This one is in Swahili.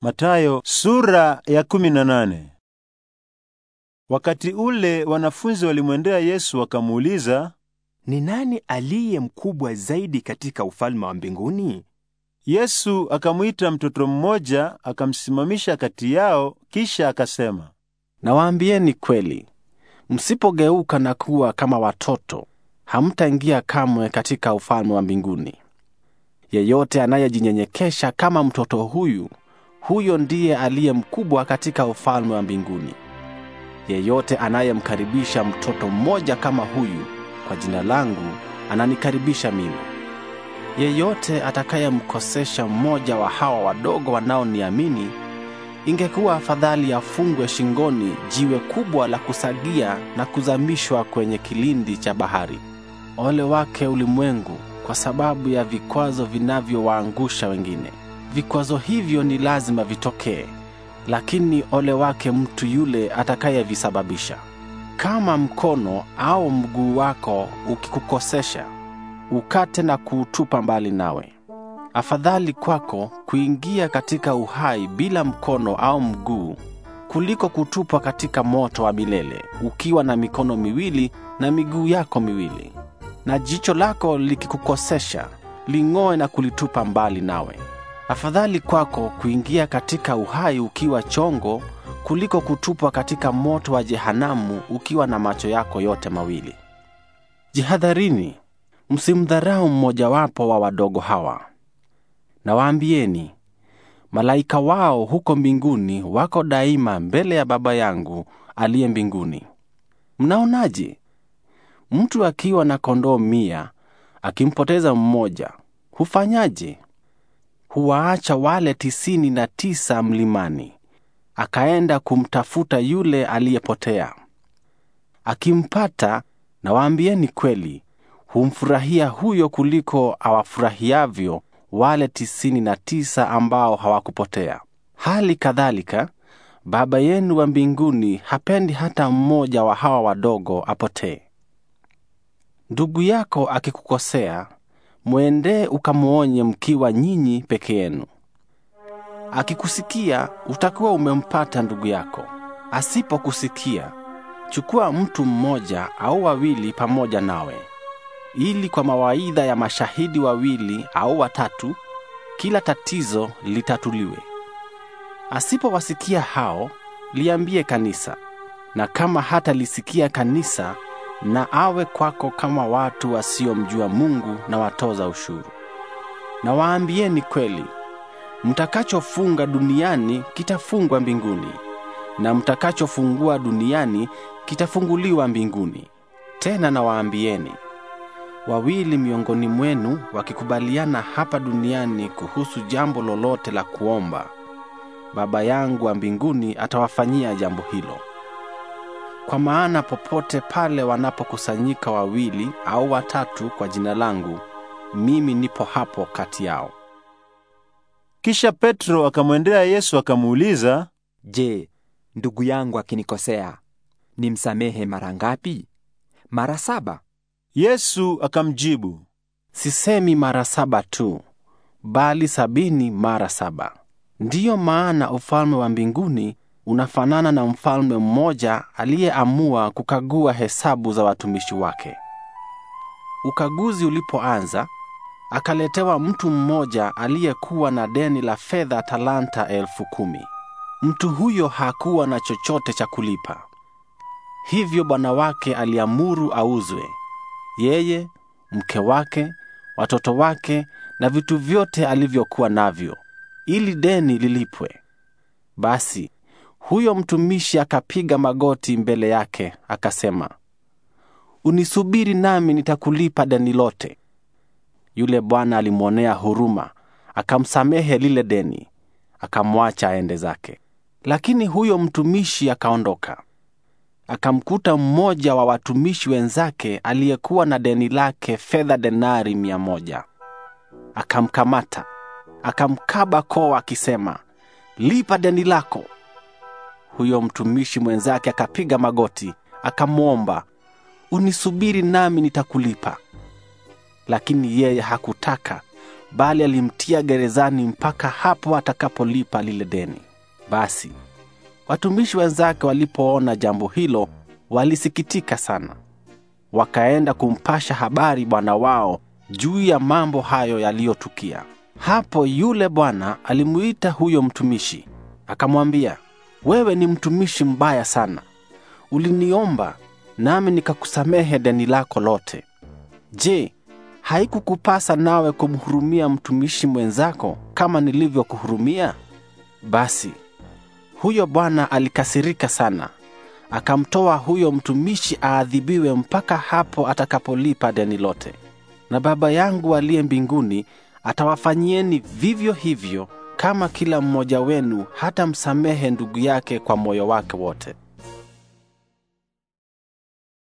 Matayo sura ya nane. Wakati ule wanafunzi walimwendea Yesu wakamuuliza, "Ni nani aliye mkubwa zaidi katika ufalme wa mbinguni?" Yesu akamwita mtoto mmoja, akamsimamisha kati yao, kisha akasema, "Nawaambieni kweli, msipogeuka na kuwa kama watoto, hamtaingia kamwe katika ufalme wa mbinguni. Yeyote anayejinyenyekesha kama mtoto huyu huyo ndiye aliye mkubwa katika ufalme wa mbinguni. Yeyote anayemkaribisha mtoto mmoja kama huyu kwa jina langu ananikaribisha mimi. Yeyote atakayemkosesha mmoja wa hawa wadogo wanaoniamini, ingekuwa afadhali afungwe shingoni jiwe kubwa la kusagia na kuzamishwa kwenye kilindi cha bahari. Ole wake ulimwengu kwa sababu ya vikwazo vinavyowaangusha wengine vikwazo hivyo ni lazima vitokee, lakini ole wake mtu yule atakayevisababisha. Kama mkono au mguu wako ukikukosesha, ukate na kuutupa mbali nawe. Afadhali kwako kuingia katika uhai bila mkono au mguu kuliko kutupwa katika moto wa milele ukiwa na mikono miwili na miguu yako miwili. Na jicho lako likikukosesha, ling'oe na kulitupa mbali nawe. Afadhali kwako kuingia katika uhai ukiwa chongo kuliko kutupwa katika moto wa jehanamu ukiwa na macho yako yote mawili. Jihadharini, msimdharau mmojawapo wa wadogo hawa. Nawaambieni, malaika wao huko mbinguni wako daima mbele ya Baba yangu aliye mbinguni. Mnaonaje? Mtu akiwa na kondoo mia akimpoteza mmoja hufanyaje? huwaacha wale tisini na tisa mlimani, akaenda kumtafuta yule aliyepotea. Akimpata, nawaambieni kweli, humfurahia huyo kuliko awafurahiavyo wale tisini na tisa ambao hawakupotea. Hali kadhalika Baba yenu wa mbinguni hapendi hata mmoja wa hawa wadogo apotee. Ndugu yako akikukosea, mwendee ukamwonye mkiwa nyinyi peke yenu. Akikusikia utakuwa umempata ndugu yako. Asipokusikia, chukua mtu mmoja au wawili pamoja nawe, ili kwa mawaidha ya mashahidi wawili au watatu kila tatizo litatuliwe. Asipowasikia hao, liambie kanisa, na kama hatalisikia kanisa na awe kwako kama watu wasiomjua Mungu na watoza ushuru. Na waambieni kweli, mtakachofunga duniani kitafungwa mbinguni, na mtakachofungua duniani kitafunguliwa mbinguni. Tena nawaambieni, wawili miongoni mwenu wakikubaliana hapa duniani kuhusu jambo lolote la kuomba, Baba yangu wa mbinguni atawafanyia jambo hilo. Kwa maana popote pale wanapokusanyika wawili au watatu kwa jina langu, mimi nipo hapo kati yao. Kisha Petro akamwendea Yesu akamuuliza, Je, ndugu yangu akinikosea nimsamehe mara ngapi? Mara saba? Yesu akamjibu, sisemi mara saba tu, bali sabini mara saba. Ndiyo maana ufalme wa mbinguni unafanana na mfalme mmoja aliyeamua kukagua hesabu za watumishi wake. Ukaguzi ulipoanza, akaletewa mtu mmoja aliyekuwa na deni la fedha talanta elfu kumi. Mtu huyo hakuwa na chochote cha kulipa, hivyo bwana wake aliamuru auzwe, yeye, mke wake, watoto wake na vitu vyote alivyokuwa navyo, ili deni lilipwe. Basi huyo mtumishi akapiga magoti mbele yake akasema, unisubiri nami nitakulipa deni lote. Yule bwana alimwonea huruma, akamsamehe lile deni, akamwacha aende zake. Lakini huyo mtumishi akaondoka, akamkuta mmoja wa watumishi wenzake aliyekuwa na deni lake fedha denari mia moja. Akamkamata, akamkaba koo akisema, lipa deni lako. Huyo mtumishi mwenzake akapiga magoti, akamwomba, unisubiri nami nitakulipa. Lakini yeye hakutaka, bali alimtia gerezani mpaka hapo atakapolipa lile deni. Basi watumishi wenzake walipoona jambo hilo, walisikitika sana, wakaenda kumpasha habari bwana wao juu ya mambo hayo yaliyotukia. Hapo yule bwana alimuita huyo mtumishi akamwambia, wewe ni mtumishi mbaya sana, uliniomba nami nikakusamehe deni lako lote. Je, haikukupasa nawe kumhurumia mtumishi mwenzako kama nilivyokuhurumia? Basi huyo bwana alikasirika sana, akamtoa huyo mtumishi aadhibiwe mpaka hapo atakapolipa deni lote. Na Baba yangu aliye mbinguni atawafanyieni vivyo hivyo kama kila mmoja wenu hata msamehe ndugu yake kwa moyo wake wote.